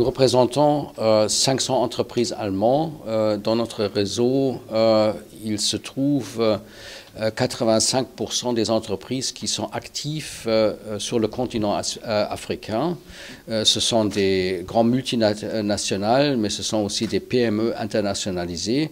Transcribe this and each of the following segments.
Nous représentons 500 euh, entreprises allemandes. Euh, dans notre réseau, euh, il se trouve 85% euh, des entreprises qui sont actives euh, euh, sur le continent africain. ce sont des grands multinationales, mais ce sont aussi des PME internationalisées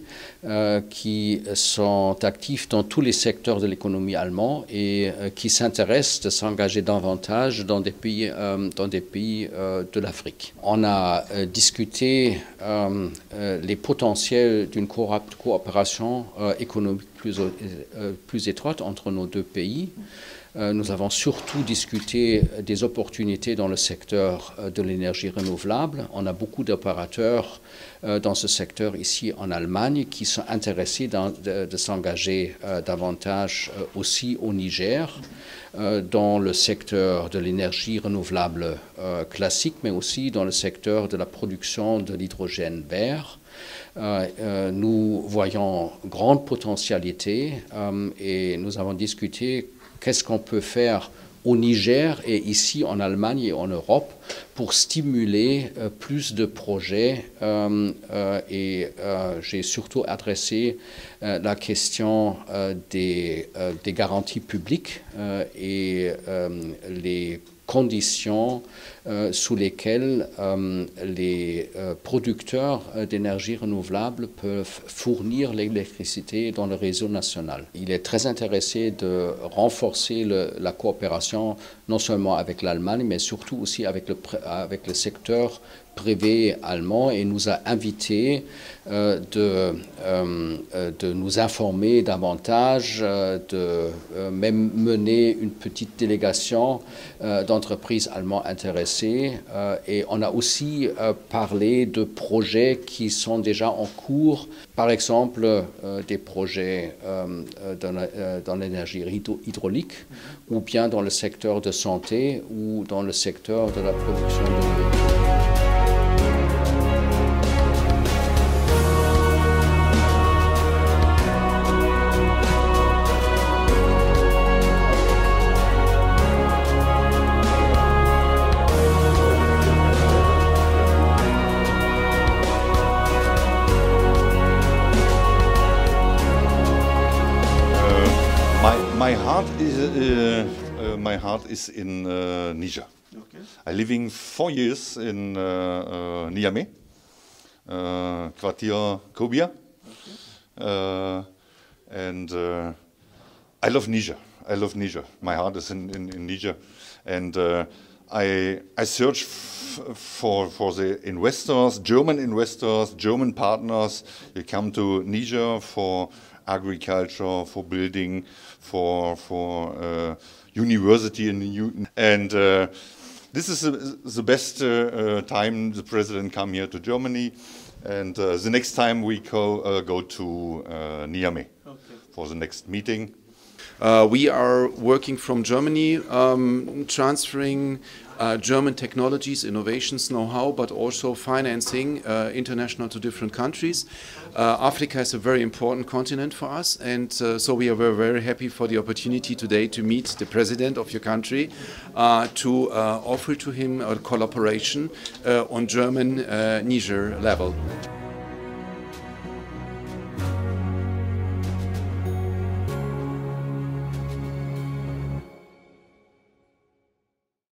qui sont actives dans tous les secteurs de l'économie allemande et qui s'intéressent de s'engager davantage dans des pays, dans des pays de l'Afrique. On a discuté les potentiels d'une coopération économique plus plus étroite entre nos deux pays. Euh, nous avons surtout discuté des opportunités dans le secteur euh, de l'énergie renouvelable. On a beaucoup d'opérateurs euh, dans ce secteur ici en Allemagne qui sont intéressés de, de s'engager davantage aussi au Niger dans le secteur de l'énergie renouvelable classique, mais aussi dans le secteur de la production de l'hydrogène vert. Euh, euh, nous voyons grande potentialité euh, et nous avons discuté qu'est-ce qu'on peut faire au Niger et ici en Allemagne et en Europe pour stimuler plus de projets. et j'ai surtout adressé la question des, des, garanties publiques et les conditions euh, sous lesquelles euh, les euh, producteurs d'énergie renouvelable peuvent fournir l'électricité dans le réseau national. Il est très intéressé de renforcer la coopération non seulement avec l'Allemagne, mais surtout aussi avec le secteur privé allemand et nous a invités euh, de, euh, euh, de, nous informer davantage, de même mener une petite délégation d'entreprises allemandes intéressées. et on a aussi parlé de projets qui sont déjà en cours, par exemple des projets dans l'énergie hydraulique ou bien dans le secteur de santé ou dans le secteur de la production de my heart is uh, uh, uh, my heart is in uh, Niger. Okay. I living four years in uh, uh Niamey, Quartier uh, Kobia, okay. and I love Niger. I love Niger. My heart is in, in, in Niger, and I, I searched for, for the investors, German investors, German partners. They come to Niger for agriculture, for building, for, for uh, university in Newton. And uh, this is the best uh, uh, time the president come here to Germany. And uh, the next time we go, uh, go to Niamey okay. for the next meeting. Uh, we are working from Germany, um, transferring uh, German technologies, innovations, know-how, but also financing uh, international to different countries. Uh, Africa is a very important continent for us, and uh, so we are very, very happy for the opportunity today to meet the president of your country, uh, to offer to him a collaboration on German Niger level.